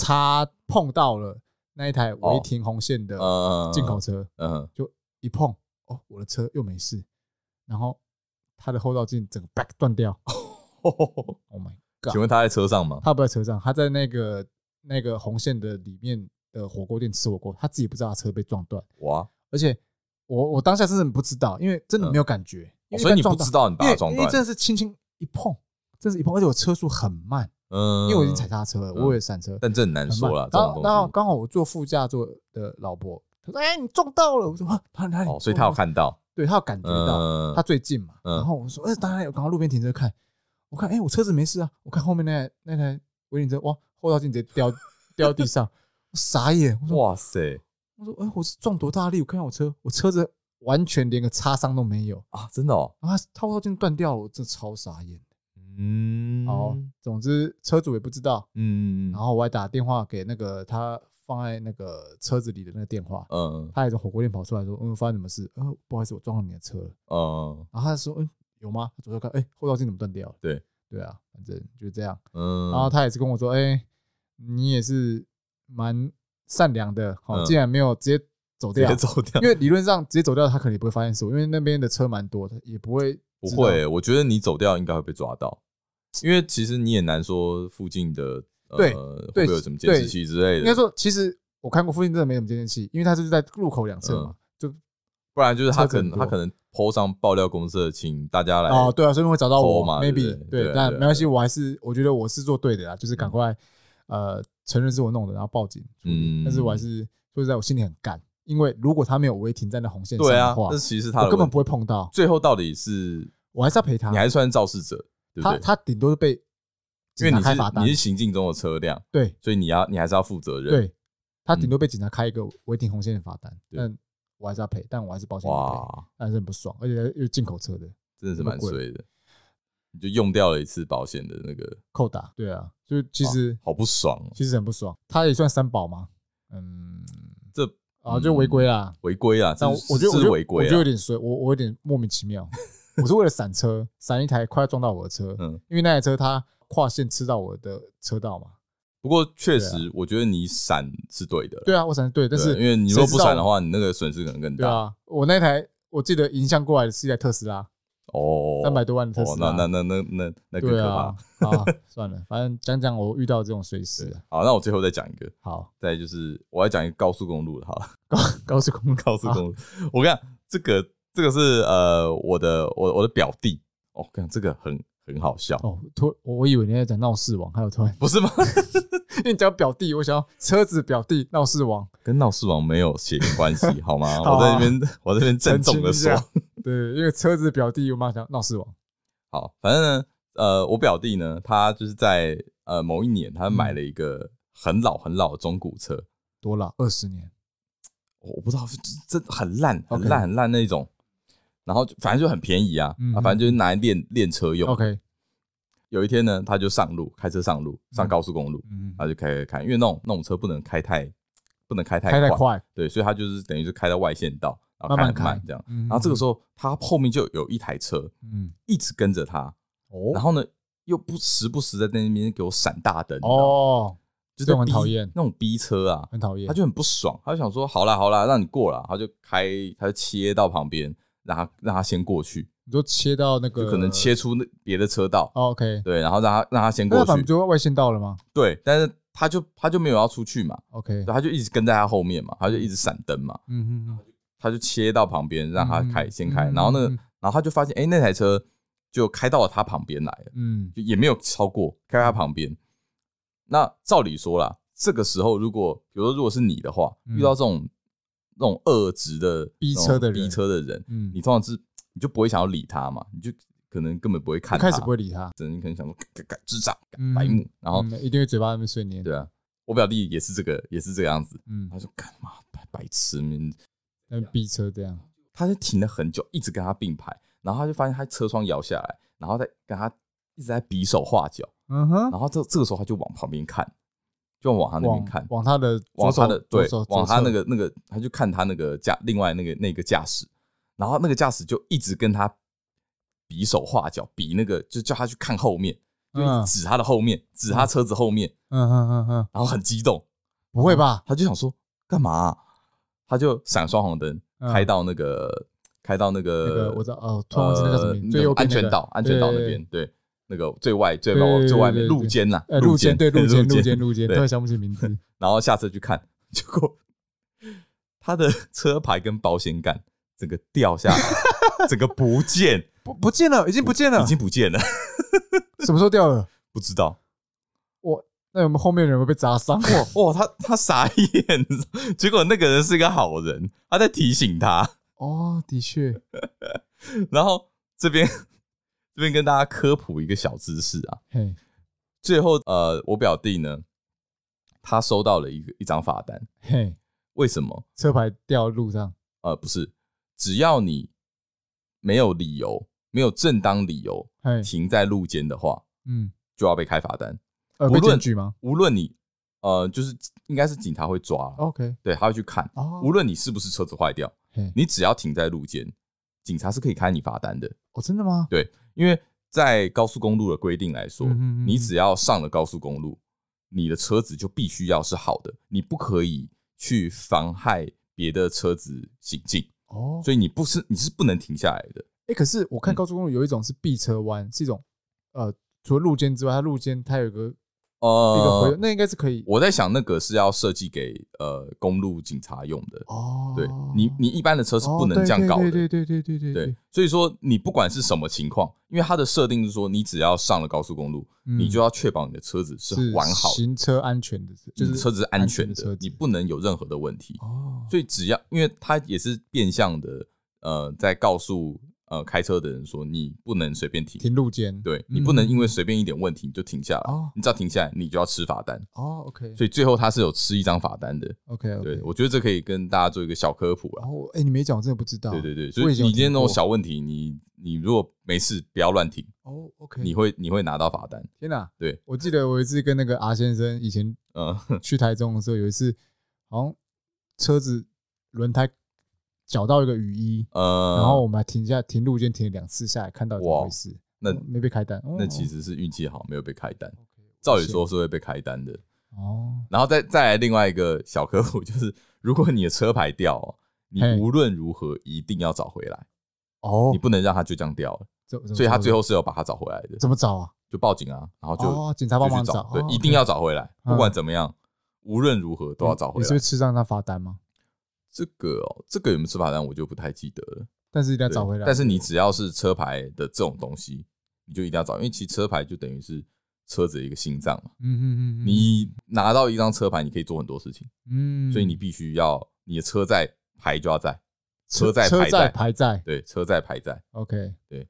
擦碰到了那一台違停紅線的呃、進口車。嗯，就一碰，哦，我的車又沒事。然後他的後照鏡整個 back 斷掉，Oh my god！請問他在車上嗎？他不在車上，他在那個那個紅線的裡面的火鍋店吃火鍋，他自己不知道他車被撞斷。哇！而且我我當下真的不知道，因為真的沒有感覺，呃哦、所以你不知道你把他撞斷，你因為因為真的是輕輕一碰，真是一碰，而且我車速很慢，嗯，因為我已經踩剎車了、嗯，我也閃車，但這很難說了。然後然後剛好我坐副駕座的老婆，她說：“哎，你撞到了！”我說：“他哪裡、哦？”所以他有看到。對他有感覺到，他最近嘛、嗯嗯，然後我說，哎、欸，當然有，剛剛路邊停車看，我看，哎、欸，我車子沒事啊，我看後面那台那台微型車，哇，後照鏡直接掉掉地上， 我傻眼，我說哇塞，我說哎、欸，我是撞多大力？我看看我車，我車子完全連個擦傷都沒有啊，真的哦，啊，後照鏡斷掉了，我真的超傻眼的，嗯，好，總之車主也不知道，嗯，然後我還打電話給那個他。放在那個車子裡的那個電話，嗯，嗯，他也從火鍋店跑出來說：“嗯，發生什麼事？呃，不好意思，我撞到你的車了。”嗯，嗯，嗯、然後他說：“嗯，有嗎？”他左右看，哎、欸，後照鏡怎麼斷掉了？對，對啊，反正就是這樣。嗯，然後他也是跟我說：“哎、欸，你也是蠻善良的，好、喔，竟然沒有直接走掉。”直接走掉，因為理論上直接走掉，他可能也不會發現是我，因為那邊的車蠻多的，也不會不會、欸。我覺得你走掉應該會被抓到，因為其實你也難說附近的。對，嗯、對會，不會有什麼監視器之類的？應該說，其實我看過附近真的沒什麼監視器，因為他是在路口兩側嘛，就、嗯、不然就是他可能他可能 po 上爆料公社請大家來 po，哦，對啊，所以會找到我嘛？Maybe 對，對，對，對，對，但沒關係，我還是我覺得我是做對的啦，就是趕快、嗯、呃承認是我弄的，然後報警。嗯，但是我還是說實在我心裡很幹，因為如果他沒有違停在那紅線線上的話，對啊、其實他我根本不會碰到。最後到底是我還是要賠他？你還是算肇事者？對對他他頂多是被。因為你是你是行進中的車輛，對，所以你要你還是要負責任。對，他頂多被警察開一個違停、嗯、紅線的罰單，但我還是要賠，但我還是保險哇，但是很不爽，而且又進口車的，真的是蠻衰的。你就用掉了一次保險的那個扣打，對啊，就其實好不爽、喔，其實很不爽。他也算三寶嗎？嗯，這啊就違規啦，啦，違規啦，但我覺得是違規，我有點衰，我我有點莫名其妙。 我是為了閃車，閃一台快要撞到我的車，嗯，因為那台車它。跨線吃到我的車道嘛。不過確實，我覺得你閃是對的。對啊，我閃是對，但是因為你如果不閃的話，你那個損失可能更大對、啊。我那台我記得迎向過來的是一台特斯拉，哦，三百多萬的特斯拉。哦、那那那那那那更、個、可怕對啊！好 算了，反正講講我遇到這種衰事。好，那我最後再講一個。好，再就是我要講一個高速公路。好，高高速公路，高速公路。啊、我跟你講，這個這個是呃，我的我的我的表弟哦，跟你講這個很。很好笑哦！突，我以為你在講鬧事王，還有突然不是嗎？ 因為你講表弟，我想要車子表弟鬧事王，跟鬧事王沒有血緣關係，好嗎？ 好啊、我在那邊，我在這邊鄭重的說人人，對，因為車子表弟，我媽想講鬧事王。好，反正呢，呃，我表弟呢，他就是在呃某一年，他買了一個很老很老的中古車，多老？二十年？我不知道，真很爛，很爛、okay.，很爛那一種。然後反正就很便宜啊，啊，反正就是拿來練練車用。OK。有一天呢，他就上路開車上路上高速公路，他就開開開、開，因為那種那種車不能開太不能開太快，對，所以他就是等於是開到外線道，然後慢慢開這樣。然後這個時候他後面就有一台車，一直跟着他，然後呢又不時不時在那邊給我閃大燈，哦，就這種很討厭那種逼車啊，很討厭，他就很不爽，他就想說，好啦好啦，讓你過啦，他就開他就切到旁邊。讓他讓他先過去，你就切到那個，就可能切出那別的車道。OK，對，然後讓他讓他先過去，不就外線道了嗎？對，但是他就他就沒有要出去嘛。OK，他就一直跟在他後面嘛，他就一直閃燈嘛。他就切到旁邊讓他開先開，然後呢，然後他就發現哎、欸、那台車就開到了他旁邊來了，嗯，就也沒有超過開到他旁邊。那照理說啦，這個時候如果比如說如果是你的話，遇到這種。那種惡質的逼車的逼車的人，嗯，你通常是你就不會想要理他嘛，你就可能根本不會看他，開始不會理他，你可能想說，智障、白目，嗯、然後、嗯、一定會嘴巴在那邊碎念，對啊，我表弟也是這個，也是這個樣子，嗯，他就說幹嘛，白白癡，嗯，逼車這樣，他就停了很久，一直跟他並排，然後他就發現他車窗搖下來，然後再跟他一直在比手畫腳，嗯哼，然後這這個時候他就往旁邊看。就往他那邊看，往他的，往他的，對，往他那個那個，他就看他那個駕，另外那個那個駕駛，然後那個駕駛就一直跟他比手畫腳，比那個就叫他去看後面，就指他的後面、嗯，指他車子後面，嗯嗯嗯嗯，嗯，然後很激動，不會吧？他就想說幹嘛、啊？他就閃雙紅燈、那個嗯，開到那個，開到那個那個，我知道哦，突然間那個什麼、呃 OK 那個安，安全島，安全島那邊，對，對。那個最外、最外，最外面路肩吶，路肩對路肩路肩路肩，突然想不起名字，然後下車去看，結果他的車牌跟保險桿整個掉下來，整個不見，不見不見了，已經不見了，已經不見了，什麼時候掉了？ 不知道。我，那我們後面人會被砸傷。哇哦，他他傻眼，結果那個人是一個好人，他在提醒他。哦，的確 。然後這邊。這邊跟大家科普一個小知識啊，嘿，最後呃，我表弟呢，他收到了一個一張罰單，嘿、hey，為什麼？車牌掉路上？呃，不是，只要你沒有理由、沒有正當理由，嘿，停在路肩的話，hey、嗯，就要被開罰單，呃、被檢舉嗎？無論你呃，就是應該是警察會抓，OK，對，他會去看，oh. 無論你是不是車子壞掉，hey. 你只要停在路肩。警察是可以開你罰單的哦，真的嗎？對，因為在高速公路的規定來說，嗯哼嗯哼，你只要上了高速公路，你的車子就必須要是好的，你不可以去妨害別的車子行進哦，所以你不是，你是不能停下來的。誒、欸，可是我看高速公路有一種是避車彎，嗯，是一種呃，除了路肩之外，它路肩它有個。哦、呃，那應該是可以。我在想，那個是要設計給呃公路警察用的哦對。對你，你一般的車是不能這樣搞的。哦、對，對對對對對對對。所以說，你不管是什麼情況，因為它的設定是說，你只要上了高速公路，嗯、你就要確保你的車子是完好、行車安全的，就是車子是安全的，你不能有任何的問題。哦，所以只要，因為它也是變相的，呃，在告訴。呃，開車的人說，你不能隨便停、停，停路肩。對，你不能因為隨便一點問題你就停下來，嗯、你只要停下來，你就要吃罰單。哦，OK。所以最後他是有吃一張罰單的。哦、OK，對，我覺得這可以跟大家做一個小科普啊。哦，哎、欸，你沒講，我真的不知道。對對對，所以你今天那種小問題，你你如果沒事不要亂停。哦，OK。你會你會拿到罰單。天吶、啊，對，我記得我有一次跟那個阿先生以前呃去台中的時候，有一次好像車子輪胎。找到一個雨衣，呃、嗯，然後我們還停下停路邊停了兩次下來看到哇，事，那沒被開單，那其實是運氣好，沒有被開單、哦哦。照理說是會被開單的哦。然後再再來另外一個小科普，就是如果你的車牌掉了，你無論如何一定要找回來哦，你不能讓它就這樣掉了。哦、所以它最後是要把它找回來的。怎麼找啊？就報警啊，然後就、哦、警察幫忙找，找哦、對、okay，一定要找回來，不管怎麼樣，嗯、無論如何都要找回來。你是會吃上那罰單嗎？這個哦、喔，這個有沒有車牌單，我就不太記得了。但是一定要找回來。但是你只要是車牌的這種東西，你就一定要找，因為其實車牌就等於是車子的一個心臟嘛。嗯嗯嗯，你拿到一張車牌，你可以做很多事情。嗯。所以你必須要你的車在牌就要在。車在牌在。牌在。對，車在牌在。嗯、OK。對。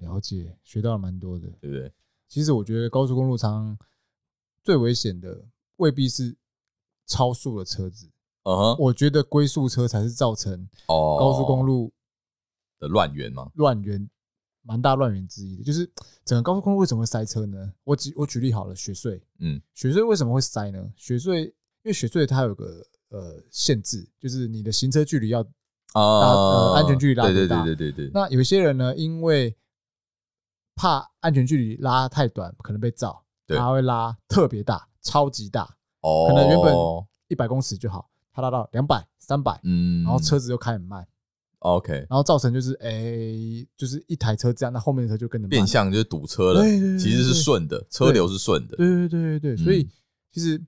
了解，學到了蠻多的，對不對？其實我覺得高速公路上最危險的未必是超速的車子。嗯哼，我覺得龜速車才是造成高速公路、oh, 的亂源嘛，亂源，蠻大亂源之一的，就是整個高速公路為什麼會塞車呢？我舉我舉例好了，雪隧，嗯，雪隧為什麼會塞呢？雪隧，因為雪隧它有個呃限制，就是你的行車距離要拉、oh, 呃、安全距離拉。對對對對對，對。那有些人呢，因為怕安全距離拉太短可能被照對，他會拉特別大，超級大，哦、oh，可能原本一百公尺就好。他拉到兩百、三百，嗯，然後車子又開很慢，OK，然後造成就是哎、欸，就是一台車這樣，那後面的車就更，變相就是堵車了。對，對，對，對，其實是順的，車流是順的。對對對，對，對，對，對，對，所以其實，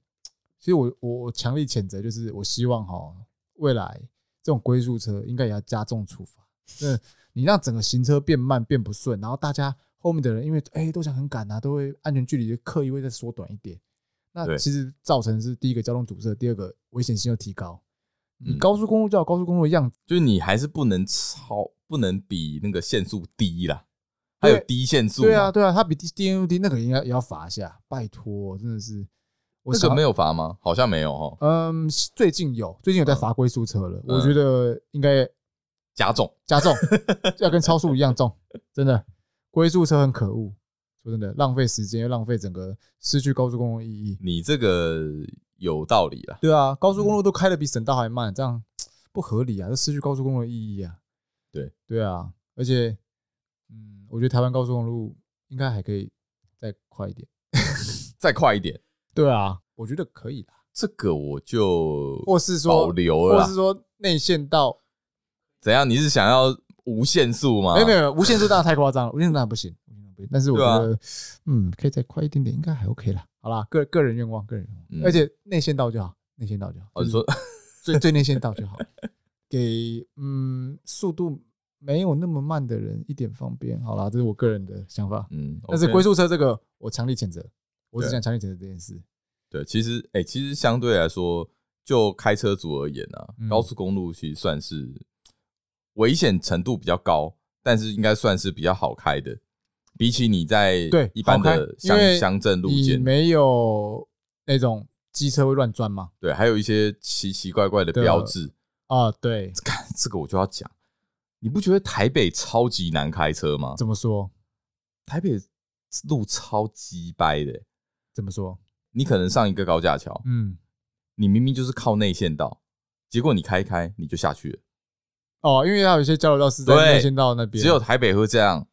其實我我我強力譴責，就是我希望齁，未來這種龜速車應該也要加重處罰。嗯，你讓整個行車變慢、變不順，然後大家後面的人因為誒、欸、都想很趕啊，都會安全距離刻意會再縮短一點。那其實造成是第一個交通阻塞，第二個危險性又提高。你高速公路叫高速公路的樣子，嗯，就是你還是不能超，不能比那個限速低啦。還有低限速對？對啊，對啊，他比低 n u 低，那個應該也要罰一下。拜託，喔，真的是我，我，那個沒有罰嗎？好像沒有哈，喔。嗯，最近有，最近有在罰龜速車了，嗯。我覺得應該加重加重， 要跟超速一樣重。真的，龜速車很可惡。說真的，浪費時間，又浪費整個，失去高速公路的意義。你這個有道理啊。對啊，高速公路都開的比省道還慢，這樣不合理啊，這失去高速公路的意義啊。對，對啊，而且，嗯，我覺得台灣高速公路應該還可以再快一點， 再快一點。對啊，我覺得可以啦。這個我就或是說保留了，或是說內線道怎樣？你是想要無限速嗎？欸、沒有沒有，無限速當然太誇張了， 無限速大不行。但是我覺得，嗯，可以再快一點點，應該還 OK 啦。好啦，個個人願望，個人願望。而且內線道就好，內線道就好。哦，你說最最內線道就好給，給嗯速度沒有那麼慢的人一點方便。好啦，這是我個人的想法。嗯，但是龜速車這個，我強烈譴責。我只想強烈譴責這件事對。對，其實哎、欸，其實相對來說，就開車族而言呢，啊，高速公路其實算是危險程度比較高，但是應該算是比較好開的。比起你在一般的鄉鄉鎮路線，你沒有那種機車會亂轉嗎？對，還有一些奇奇怪怪的標誌啊。對，這個我就要講，你不覺得台北超級難開車嗎？怎麼說？台北路超級掰的欸。怎麼說？你可能上一個高架橋，嗯，你明明就是靠內線道，結果你開開你就下去了。哦，因為它有一些交流道是在內線道那邊，只有台北會這樣。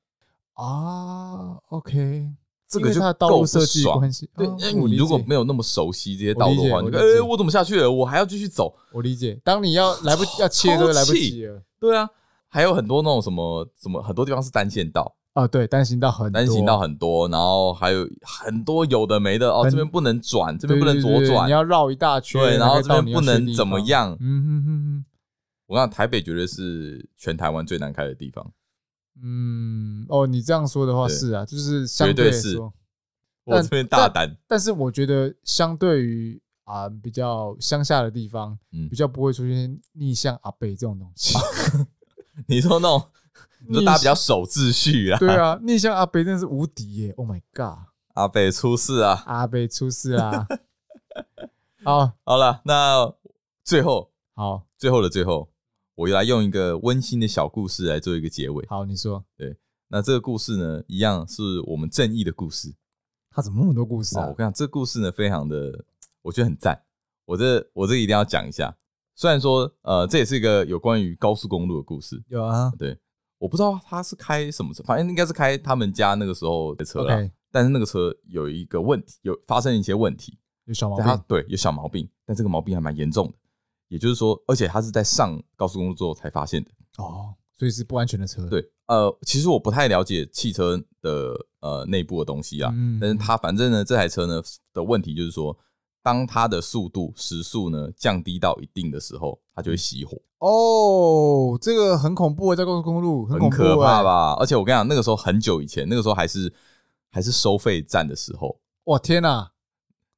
啊、ah,，OK，他的這個就他的道路設計關係，對，那、啊、你如果沒有那麼熟悉這些道路的話，你就哎、欸，我怎麼下去了？我還要繼續走。我理解，當你要來不及要切都來不及對啊，還有很多那種什麼什麼，很多地方是單線道啊，對，單行道很多，單行道很多，然後還有很多有的沒的哦，這邊不能轉，這邊不能左轉，你要繞一大圈。對，然後這邊不能怎麼樣。嗯哼哼哼。我講台北絕對是全台灣最難開的地方。嗯，哦，你這樣說的話是啊，就是相對，對是，我這邊大膽，但是我覺得相對於啊、呃，比較鄉下的地方、嗯，比較不會出現逆向阿北這種東西，啊啊。你說那種，你說大家比較守秩序啊？對啊，逆向阿北真的是無敵耶！Oh my god，阿北出事啊！阿北出事啊。 好，好了，那最後，好，最後的最後。我又來用一個溫馨的小故事來做一個結尾。好，你說。對，那這個故事呢，一樣是我們正義的故事。他怎麼那麼多故事啊？哦，我跟你講，這個故事呢，非常的，我覺得很讚。我這我這一定要講一下。雖然說，呃，這也是一個有關於高速公路的故事。有啊，對。我不知道他是開什麼車，反正應該是開他們家那個時候的車了，Okay。但是那個車有一個問題，有發生一些問題。有小毛病。對，有小毛病，但這個毛病還蠻嚴重的。也就是說，而且它是在上高速公路之後才發現的哦，所以是不安全的車。對，呃，其實我不太了解汽車的呃內部的東西啊、嗯，但是它反正呢，這台車呢的問題就是說，當它的速度時速呢降低到一定的時候，它就會熄火。哦，這個很恐怖、欸，在高速公路很恐怖、欸、很可怕吧？而且我跟你講，那個時候很久以前，那個時候還是還是收費站的時候。哇，天哪、啊，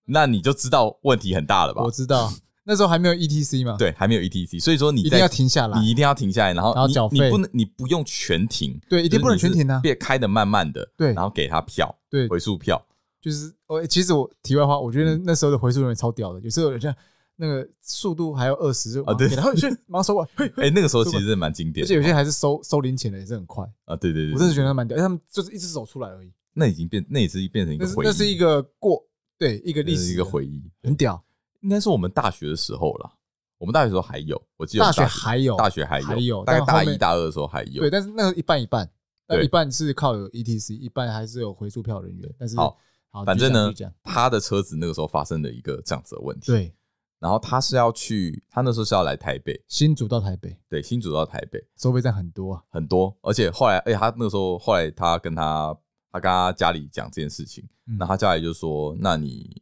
那你就知道問題很大了吧？我知道。那時候還沒有 ETC 嗎？對，還沒有 ETC，所以說你一定要停下來，你一定要停下來，然後你然後繳費，你不能，你不用全停，對，一定不能全停啊，別、就是、開的慢慢的，對，然後給他票，對，回數票，就是我其實我題外的話，我覺得那時候的回數員超屌的，有時候有人家那個速度還有二十啊，對，然後去馬上收我，哎、啊欸，那個時候其實是蠻經典，而且有些人還是收收零錢的也是很快啊，對，對對對，我真的覺得蠻屌，因、欸、他們就是一直走出來而已，那已經變，那已經變成一個回憶那，那是一個過，對，一個歷史，一個回憶，很屌。應該是我們大學的時候了。我們大學的時候還有，我記得我們大學，大學還有，大學還有，還有大概大一、大二的時候還有。對，但是那個一半一半、呃，一半是靠有 ETC，一半還是有回數票人員。但是好，好，反正呢，他的車子那個時候發生了一個這樣子的問題。對，然後他是要去，他那時候是要來台北，新竹到台北。對，新竹到台北收費站很多啊，很多。而且後來，哎、欸，他那個時候後來他跟他，他跟他，他跟他家裡講這件事情，那、嗯、他家裡就說：“那你。”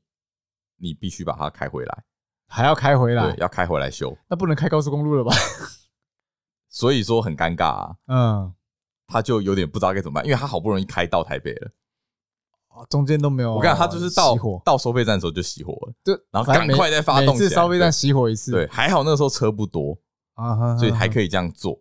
你必須把它開回來，還要開回來，要開回來修。那不能開高速公路了吧 ？所以說很尷尬。啊。嗯，他就有點不知道該怎麼辦，因為他好不容易開到台北了，中間都沒有。我看他就是到到收費站的時候就熄火了，對，然後趕快再發動。每次收費站熄火一次，對，還好那時候車不多，所以還可以這樣做。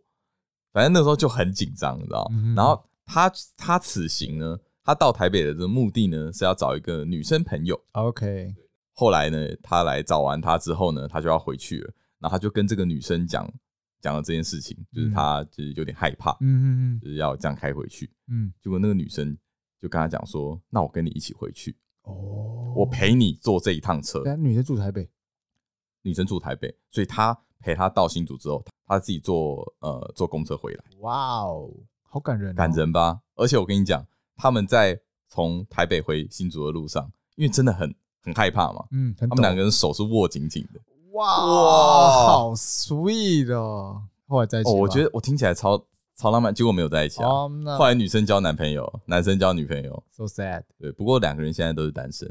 反正那時候就很緊張，你知道。然後他他此行呢，他到台北的這個目的呢，是要找一個女生朋友。OK。後來呢，他來找完他之後呢，他就要回去了。然後他就跟這個女生講講了這件事情，嗯、就是他就是有點害怕，嗯嗯嗯，就是要這樣開回去。嗯，結果那個女生就跟他講說：“那我跟你一起回去哦，我陪你坐這一趟車。”女生住台北，女生住台北，所以他陪他到新竹之後，他自己坐呃坐公車回來。哇哦，好感人。哦，感人吧？而且我跟你講，他們在從台北回新竹的路上，因為真的很。很害怕嘛？嗯，他們兩個人手是握緊緊的哇。哇，好 sweet 哦！後來在一起、哦，我覺得我聽起來超超浪漫，結果沒有在一起啊、oh,。後來女生交男朋友，男生交女朋友，so sad。對，不過兩個人現在都是單身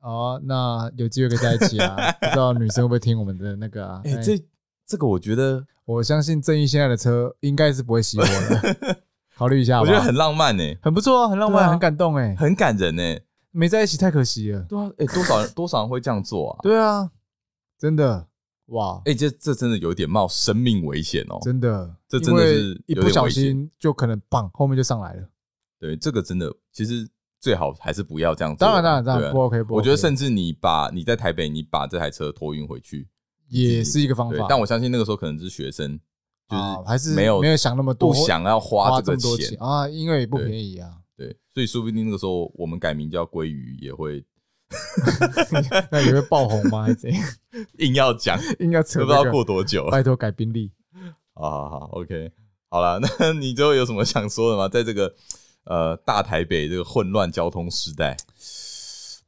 哦。Oh, 那有機會可以在一起啊？ 不知道女生會不會聽我們的那個啊？欸欸、這這個我覺得，我相信正義現在的車應該是不會熄火的。 考慮一下好不好，我覺得很浪漫哎、欸，很不錯哦，很浪漫，啊、很感動哎、欸，很感人哎、欸。沒在一起太可惜了、對啊。哎、欸，多少人 多少人會這樣做啊？對啊，真的哇！哎、欸，這這真的有點冒生命危險哦。真的，這真的是一不小心就可能砰，後面就上來了。對，這個真的其實最好還是不要這樣做。當然當然當然不 OK 不、OK,。OK, 我覺得甚至你把你在台北，你把這台車托運回去也是一個方法。但我相信那個時候可能是學生，就是、啊、還是沒有沒有想那麼多，不想要花這個花這麼多錢啊，因為也不便宜啊。對，所以說不定那個時候我們改名叫鮭魚也會， 那也會爆紅嗎？還是怎樣？硬要講，硬要，硬要扯，不知道過多久拜好好好好，拜托改賓利。啊，好，OK，好好了，那你最後有什麼想說的嗎？在這個呃大台北這個混亂交通時代，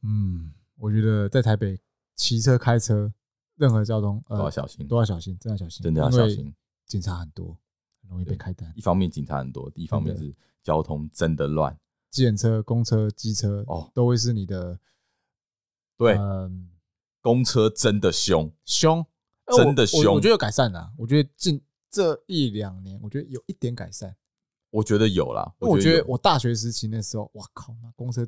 嗯，我覺得在台北騎車、開車，任何交通、呃、都要小心，都要小心，真的要小心，真的要小心，警察很多。容易被開單。一方面警察很多，一方面是交通真的亂。計程車、公車、機車哦，都會是你的。對，嗯、公車真的凶，凶，真的凶。我覺得有改善啦，我覺得近這一兩年，我覺得有一點改善。我覺得有啦。我覺得，我，覺得我大學時期那時候，哇靠，那公車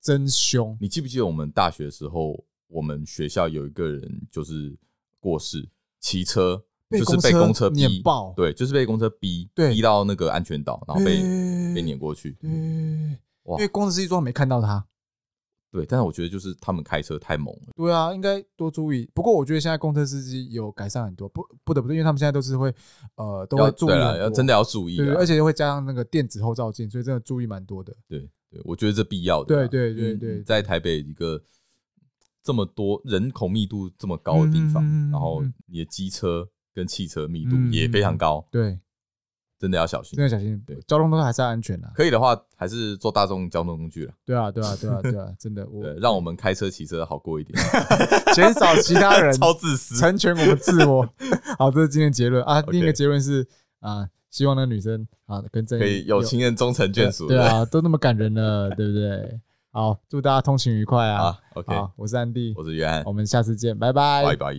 真凶。你記不記得我們大學的時候，我們學校有一個人就是過世騎車。就是被公車碾爆，對，就是被公車逼對公車逼，對逼到那個安全島，然後被欸欸欸欸被碾過去、嗯。因為公車司機說沒看到他。對，但是我覺得就是他們開車太猛了。對啊，應該多注意。不過我覺得現在公車司機有改善很多，不不得不，因為他們現在都是會呃，都要注意了，要，要真的要注意。而且會加上那個電子後照鏡，所以真的注意蠻多的。對對，我覺得這必要的。對對對對，對，在台北一個這麼多人口密度這麼高的地方，然後你的機車、嗯。嗯跟汽車密度也非常高，嗯，對，真的要小心，真的小心。交通工具還是要安全的，啊。可以的話，還是坐大眾交通工具。對啊，對啊，對啊，對啊，對啊，真的。我讓我們開車騎車好過一點，啊，減 少其他人，超自私，成全我們自我。好，這是今天的結論啊。第、okay. 一個結論是啊，呃，希望那個女生啊跟可以有情人終成眷屬。對啊，都那麼感人了，對不對？好，祝大家通勤愉快啊。啊 okay. 好，我是安迪，我是袁安。我們下次見，拜拜。拜拜。